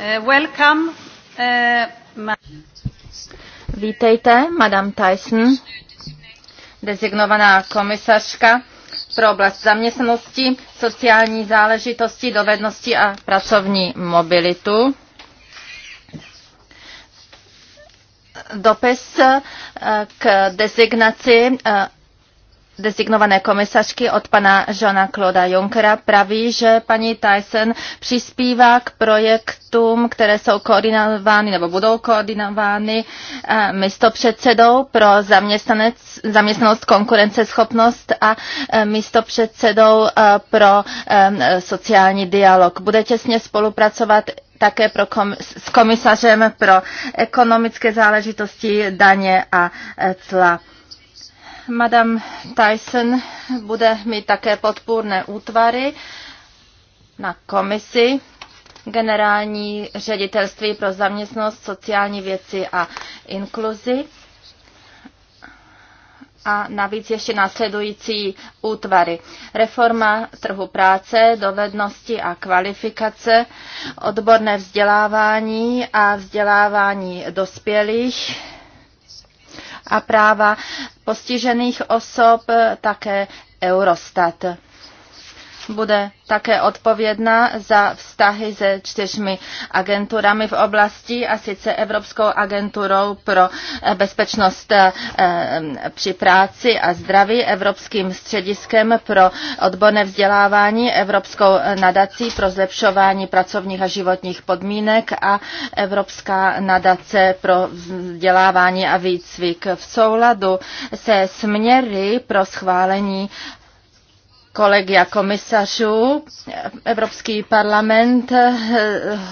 Eh, welcome, uh, Vítejte, Madame Tyson, designovaná komisařka pro oblast zaměstnanosti, sociální záležitosti, dovednosti a pracovní mobilitu. Dopis eh, k designaci eh, designované komisařky od pana Johna Claude Junckera praví, že paní Tyson přispívá k projektům, které jsou koordinovány nebo budou koordinovány eh, místo předsedou pro zaměstnanost, konkurenceschopnost a eh, místo předsedou eh, pro sociální dialog. Bude těsně spolupracovat také pro kom- s komisařem pro ekonomické záležitosti, daně a cla. Madame Tyson bude mít také podpůrné útvary na komisi, generální ředitelství pro zaměstnost, sociální věci a inkluzi. A navíc ještě následující útvary. Reforma trhu práce, dovednosti a kvalifikace, odborné vzdělávání a vzdělávání dospělých, a práva postižených osob také Eurostat bude také odpovědná za vztahy se čtyřmi agenturami v oblasti a sice Evropskou agenturou pro eh, bezpečnost eh, eh, při práci a zdraví, Evropským střediskem pro odborné vzdělávání, Evropskou nadací pro zlepšování pracovních a životních podmínek a Evropská nadace pro vzdělávání a výcvik v souladu se směry pro schválení a komisařů. Evropský parlament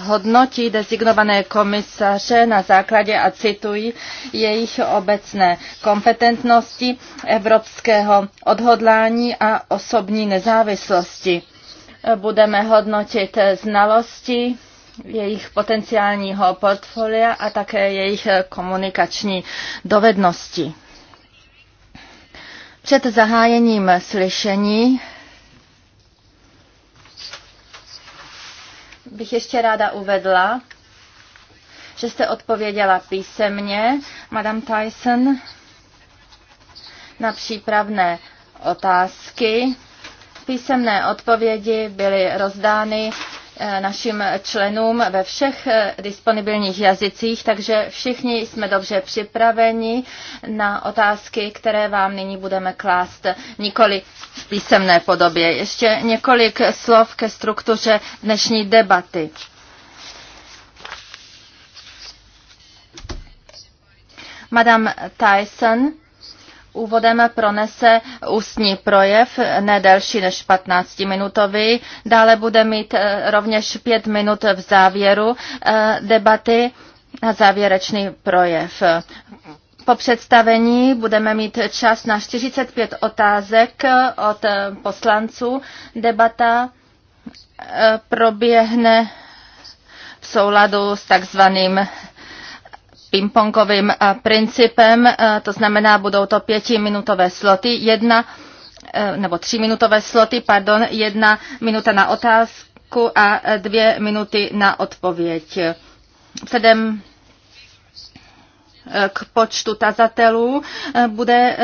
hodnotí designované komisaře na základě, a cituji, jejich obecné kompetentnosti, evropského odhodlání a osobní nezávislosti. Budeme hodnotit znalosti, jejich potenciálního portfolia a také jejich komunikační dovednosti. Před zahájením slyšení bych ještě ráda uvedla, že jste odpověděla písemně, Madame Tyson, na přípravné otázky. Písemné odpovědi byly rozdány Eh, našim členům ve všech eh, disponibilních jazycích, takže všichni jsme dobře připraveni na otázky, které vám nyní budeme klást nikoli v písemné podobě. Ještě několik slov ke struktuře dnešní debaty. Madame Tyson Úvodem pronese ústní projev, ne delší než 15-minutový. Dále bude mít eh, rovněž 5 minut v závěru eh, debaty na závěrečný projev. Po představení budeme mít čas na 45 otázek eh, od poslanců. Debata proběhne v souladu s takzvaným pingpongovým eh, principem, eh, to znamená, budou to pětiminutové sloty, jedna eh, nebo tříminutové sloty, pardon, jedna minuta na otázku a dvě minuty na odpověď. Předem k počtu tazatelů bude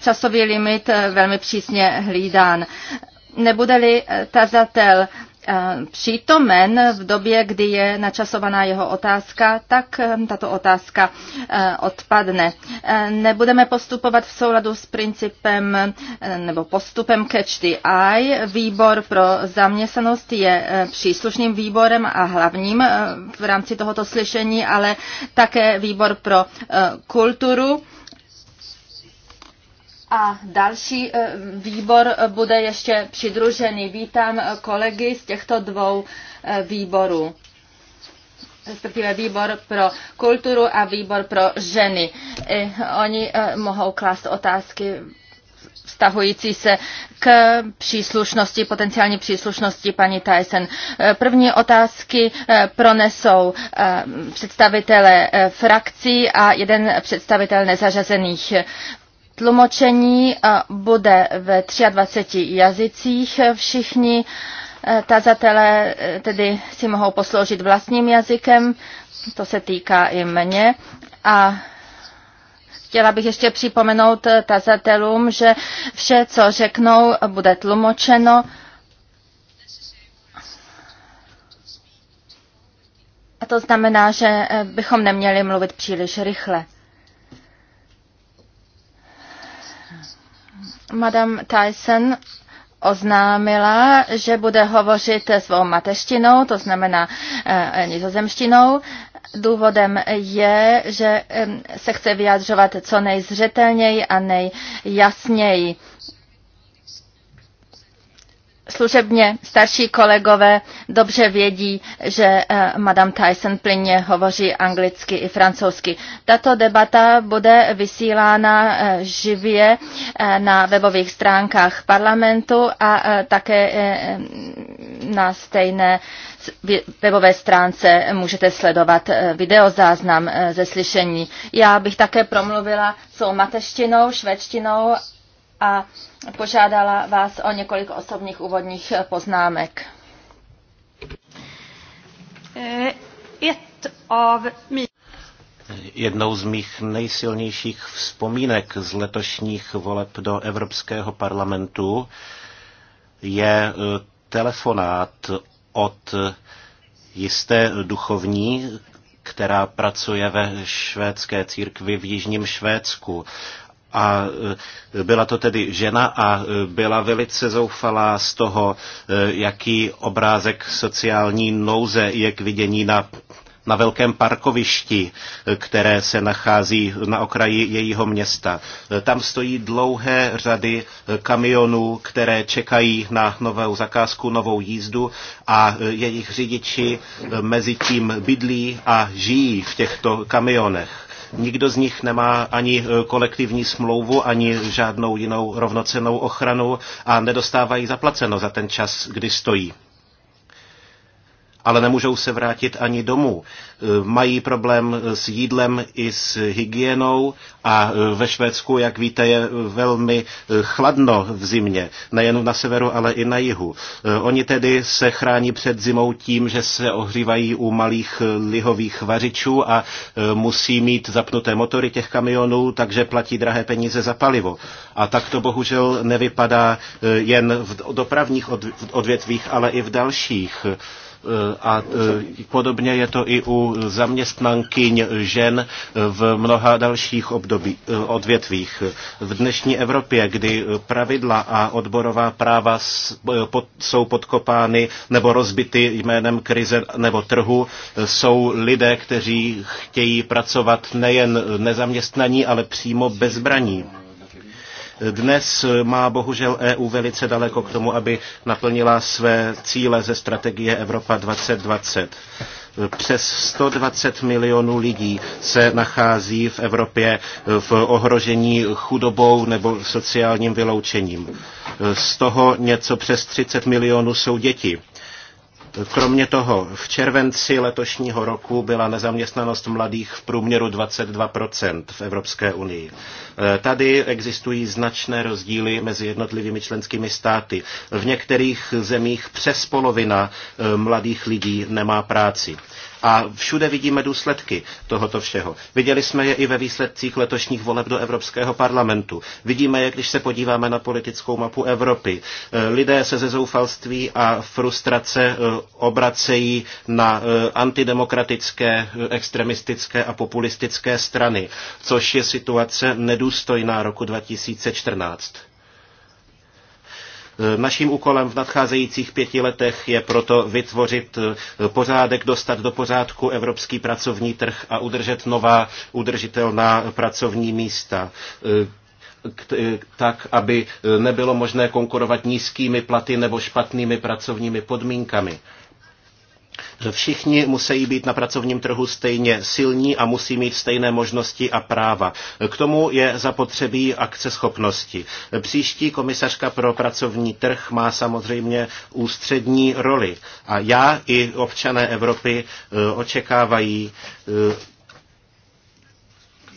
časový limit velmi přísně hlídán. Nebude-li tazatel Eh, přítomen v době, kdy je načasovaná jeho otázka, tak eh, tato otázka eh, odpadne. Nebudeme postupovat v souladu s principem nebo postupem catch the eye. Výbor pro zaměstnanost je příslušným výborem a hlavním v rámci tohoto slyšení, ale také výbor pro kulturu a další eh, výbor eh, bude ještě přidružený. Vítám eh, kolegy z těchto dvou výborů respektive výbor pro kulturu a výbor pro ženy. I oni mohou klást otázky vztahující se k příslušnosti, potenciální příslušnosti paní Tyson. První otázky pronesou představitele frakcí a jeden představitel nezařazených. Tlumočení eh, bude ve 23 jazycích. Eh, všichni eh, tazatelé tedy si mohou posloužit vlastním jazykem, to se týká i mě. A chtěla bych ještě připomenout tazatelům, že vše, co řeknou, bude tlumočeno. A to znamená, že bychom neměli mluvit příliš rychle. Madame Tyson oznámila, že bude hovořit svou mateštinou, to znamená e, nizozemštinou. Důvodem je, že e, se chce vyjadřovat co nejzřetelněji a nejjasněji služebně starší kolegové dobře vědí, že eh, Madame Tyson plynně hovoří anglicky i francouzsky. Tato debata bude vysílána eh, živě eh, na webových stránkách parlamentu a také na stejné webové stránce můžete sledovat videozáznam ze slyšení. Já bych také promluvila svou mateštinou, švédštinou a požádala vás o několik osobních úvodních poznámek. Eh, Jednou z mých nejsilnějších vzpomínek z letošních voleb do Evropského parlamentu je eh, telefonát od jisté duchovní, která pracuje ve švédské církvi v Jižním Švédsku a e, byla to tedy žena a e, byla velice zoufalá z toho, e, jaký obrázek sociální nouze je k vidění na na velkém parkovišti, které se nachází na okraji jejího města. Tam stojí dlouhé řady kamionů, které čekají na novou zakázku, novou jízdu a jejich řidiči mezi tím bydlí a žijí v těchto kamionech. Nikdo z nich nemá ani e, kolektivní smlouvu, ani žádnou jinou rovnocenou ochranu a nedostávají zaplaceno za ten čas, kdy stojí ale nemůžou se vrátit ani domů. E, mají problém s jídlem i s hygienou a e, ve Švédsku, jak víte, je velmi e, chladno v zimě, nejen na severu, ale i na jihu. Oni tedy se chrání před zimou tím, že se ohřívají u malých lihových vařičů a musí mít zapnuté motory těch kamionů, takže platí drahé peníze za palivo. A tak to bohužel nevypadá jen v dopravních odvětvích, ale i v dalších. A e, podobně je to i u zaměstnankyň žen v mnoha dalších období, e, odvětvích. V dnešní Evropě, kdy pravidla a odborová práva e, jsou podkopány nebo rozbity jménem krize nebo trhu, jsou lidé, kteří chtějí pracovat nejen nezaměstnaní, ale přímo bezbraní. Dnes má bohužel EU velice daleko k tomu, aby naplnila své cíle ze strategie Evropa 2020 přes 120 milionů lidí se nachází v Evropě v ohrožení chudobou nebo sociálním vyloučením. Z toho něco přes 30 milionů jsou děti. Kromě toho v červenci letošního roku byla nezaměstnanost mladých v průměru 22% v Evropské unii. E, tady existují značné rozdíly mezi jednotlivými členskými státy. V některých zemích přes polovina e, mladých lidí nemá práci. A všude vidíme důsledky tohoto všeho. Viděli jsme je i ve výsledcích letošních voleb do Evropského parlamentu. Vidíme je, když se podíváme na politickou mapu Evropy. E, lidé se ze zoufalství a frustrace obracejí na eh, antidemokratické, eh, extremistické a populistické strany, což je situace nedůstojná roku 2014. Eh, naším úkolem v nadcházejících pěti letech je proto vytvořit pořádek, dostat do pořádku evropský pracovní trh a udržet nová udržitelná pracovní místa tak, aby e, nebylo možné konkurovat nízkými platy nebo špatnými pracovními podmínkami. Všichni musí být na pracovním trhu stejně silní a musí mít stejné možnosti a práva. K tomu je zapotřebí akceschopnosti. Příští komisařka pro pracovní trh má samozřejmě ústřední roli a já i občané Evropy e, očekávají e,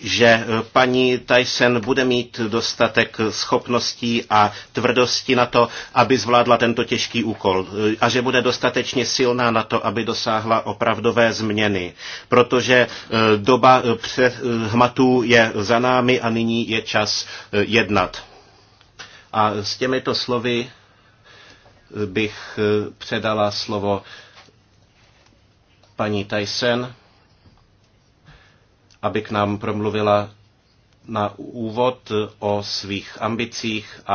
že eh, paní Tyson bude mít dostatek schopností a tvrdosti na to, aby zvládla tento těžký úkol eh, a že bude dostatečně silná na to, aby dosáhla opravdové změny, protože eh, doba hmatů je za námi a nyní je čas jednat. A s těmito slovy bych předala slovo paní Tyson aby k nám promluvila na úvod o svých ambicích a